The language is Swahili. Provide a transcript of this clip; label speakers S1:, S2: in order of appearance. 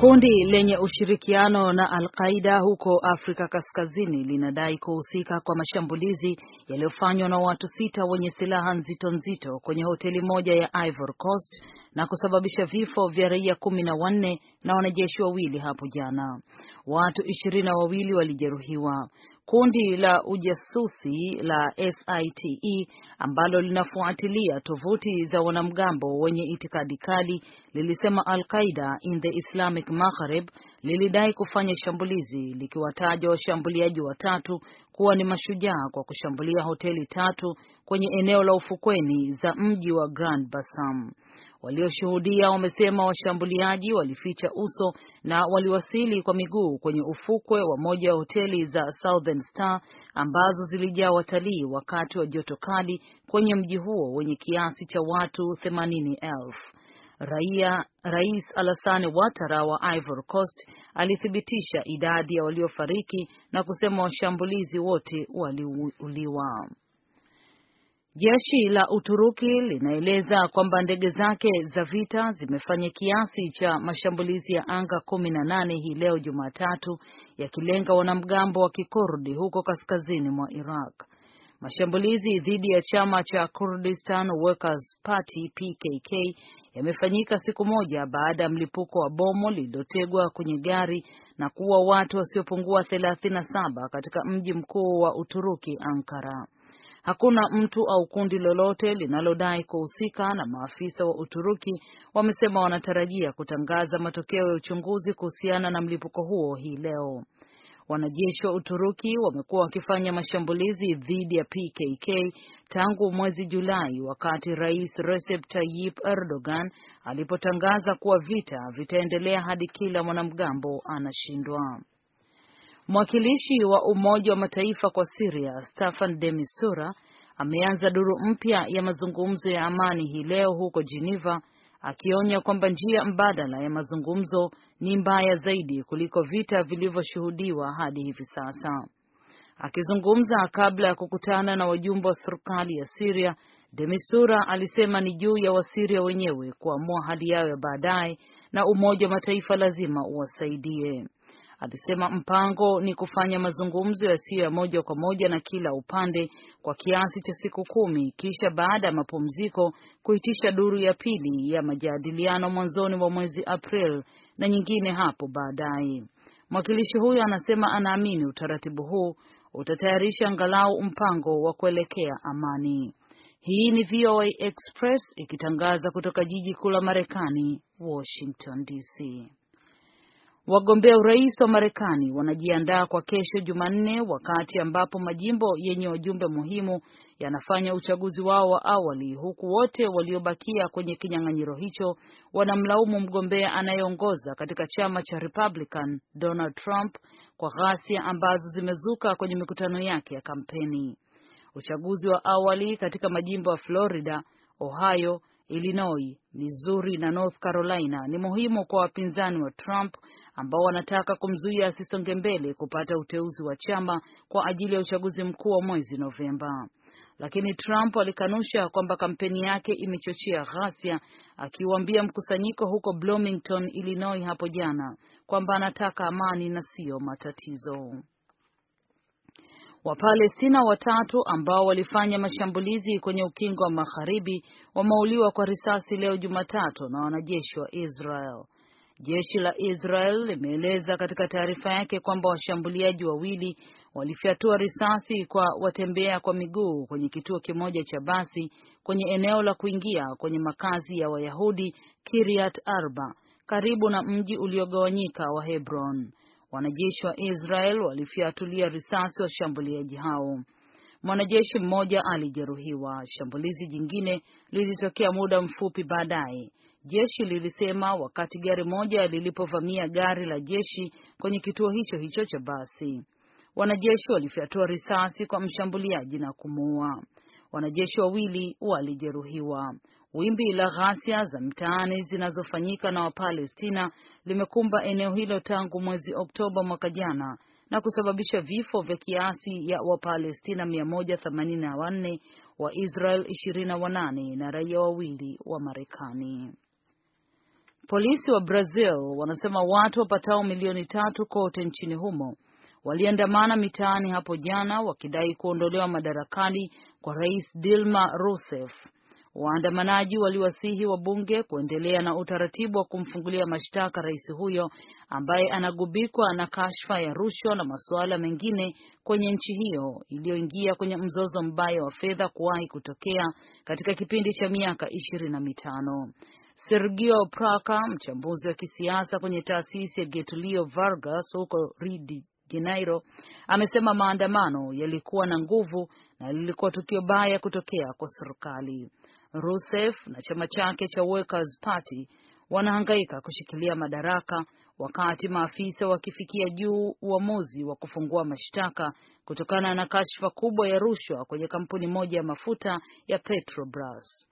S1: Kundi lenye ushirikiano na Al-Qaida huko Afrika Kaskazini linadai kuhusika kwa mashambulizi yaliyofanywa na watu sita wenye silaha nzito nzito kwenye hoteli moja ya Ivory Coast na kusababisha vifo vya raia kumi na wanne na wanajeshi wawili hapo jana. Watu ishirini na wawili walijeruhiwa. Kundi la ujasusi la SITE ambalo linafuatilia tovuti za wanamgambo wenye itikadi kali lilisema al qaeda in the Islamic Maghreb lilidai kufanya shambulizi likiwataja washambuliaji watatu kuwa ni mashujaa kwa kushambulia hoteli tatu kwenye eneo la ufukweni za mji wa Grand Bassam. Walioshuhudia wamesema washambuliaji walificha uso na waliwasili kwa miguu kwenye ufukwe wa moja ya hoteli za Southern Star ambazo zilijaa watalii wakati wa joto kali kwenye mji huo wenye kiasi cha watu themanini Raia Rais Alassane Ouattara wa Ivory Coast alithibitisha idadi ya waliofariki na kusema washambulizi wote waliuliwa. Jeshi la Uturuki linaeleza kwamba ndege zake za vita zimefanya kiasi cha mashambulizi ya anga kumi na nane hii leo Jumatatu, yakilenga wanamgambo wa Kikurdi huko kaskazini mwa Iraq. Mashambulizi dhidi ya chama cha Kurdistan Workers Party PKK yamefanyika siku moja baada ya mlipuko wa bomu lililotegwa kwenye gari na kuua watu wasiopungua 37 katika mji mkuu wa Uturuki Ankara. Hakuna mtu au kundi lolote linalodai kuhusika, na maafisa wa Uturuki wamesema wanatarajia kutangaza matokeo ya uchunguzi kuhusiana na mlipuko huo hii leo. Wanajeshi wa Uturuki wamekuwa wakifanya mashambulizi dhidi ya PKK tangu mwezi Julai, wakati Rais Recep Tayyip Erdogan alipotangaza kuwa vita vitaendelea hadi kila mwanamgambo anashindwa. Mwakilishi wa Umoja wa Mataifa kwa Syria, Staffan de Mistura, ameanza duru mpya ya mazungumzo ya amani hii leo huko Geneva, akionya kwamba njia mbadala ya mazungumzo ni mbaya zaidi kuliko vita vilivyoshuhudiwa hadi hivi sasa. Akizungumza kabla ya kukutana na wajumbe wa serikali ya Syria, Demistura alisema ni juu ya Wasiria wenyewe kuamua hali yao ya baadaye na Umoja wa Mataifa lazima uwasaidie alisema mpango ni kufanya mazungumzo yasiyo ya moja kwa moja na kila upande kwa kiasi cha siku kumi, kisha baada ya mapumziko kuitisha duru ya pili ya majadiliano mwanzoni mwa mwezi April na nyingine hapo baadaye. Mwakilishi huyo anasema anaamini utaratibu huu utatayarisha angalau mpango wa kuelekea amani. Hii ni VOA Express ikitangaza kutoka jiji kuu la Marekani, Washington DC. Wagombea urais wa Marekani wanajiandaa kwa kesho Jumanne, wakati ambapo majimbo yenye wajumbe muhimu yanafanya uchaguzi wao wa awali, huku wote waliobakia kwenye kinyang'anyiro hicho wanamlaumu mgombea anayeongoza katika chama cha Republican Donald Trump kwa ghasia ambazo zimezuka kwenye mikutano yake ya kampeni. Uchaguzi wa awali katika majimbo ya Florida, Ohio, Illinois, Missouri na North Carolina ni muhimu kwa wapinzani wa Trump ambao wanataka kumzuia asisonge mbele kupata uteuzi wa chama kwa ajili ya uchaguzi mkuu wa mwezi Novemba. Lakini Trump alikanusha kwamba kampeni yake imechochea ghasia, akiwaambia mkusanyiko huko Bloomington, Illinois hapo jana kwamba anataka amani na siyo matatizo. Wapalestina watatu ambao walifanya mashambulizi kwenye ukingo wa magharibi wameuliwa kwa risasi leo Jumatatu na wanajeshi wa Israel. Jeshi la Israel limeeleza katika taarifa yake kwamba washambuliaji wawili walifyatua risasi kwa watembea kwa miguu kwenye kituo kimoja cha basi kwenye eneo la kuingia kwenye makazi ya Wayahudi Kiryat Arba karibu na mji uliogawanyika wa Hebron. Wanajeshi wa Israel walifyatulia risasi washambuliaji hao. Mwanajeshi mmoja alijeruhiwa. Shambulizi jingine lilitokea muda mfupi baadaye, jeshi lilisema, wakati gari moja lilipovamia gari la jeshi kwenye kituo hicho hicho cha basi. Wanajeshi walifyatua risasi kwa mshambuliaji na kumuua. Wanajeshi wawili walijeruhiwa. Wimbi la ghasia za mtaani zinazofanyika na Wapalestina limekumba eneo hilo tangu mwezi Oktoba mwaka jana na kusababisha vifo vya kiasi ya Wapalestina 184 wa Israel 28 na raia wawili wa Marekani. Polisi wa Brazil wanasema watu wapatao milioni tatu kote nchini humo waliandamana mitaani hapo jana wakidai kuondolewa madarakani kwa Rais Dilma Rousseff. Waandamanaji waliwasihi wabunge kuendelea na utaratibu wa kumfungulia mashtaka rais huyo ambaye anagubikwa na kashfa ya rushwa na masuala mengine kwenye nchi hiyo iliyoingia kwenye mzozo mbaya wa fedha kuwahi kutokea katika kipindi cha miaka ishirini na mitano. Sergio Praka, mchambuzi wa kisiasa kwenye taasisi ya Getulio Vargas huko Kinairo amesema maandamano yalikuwa na nguvu na lilikuwa tukio baya kutokea kwa serikali. Rousseff na chama chake cha Workers Party wanahangaika kushikilia madaraka wakati maafisa wakifikia juu uamuzi wa kufungua mashtaka kutokana na kashfa kubwa ya rushwa kwenye kampuni moja ya mafuta ya Petrobras.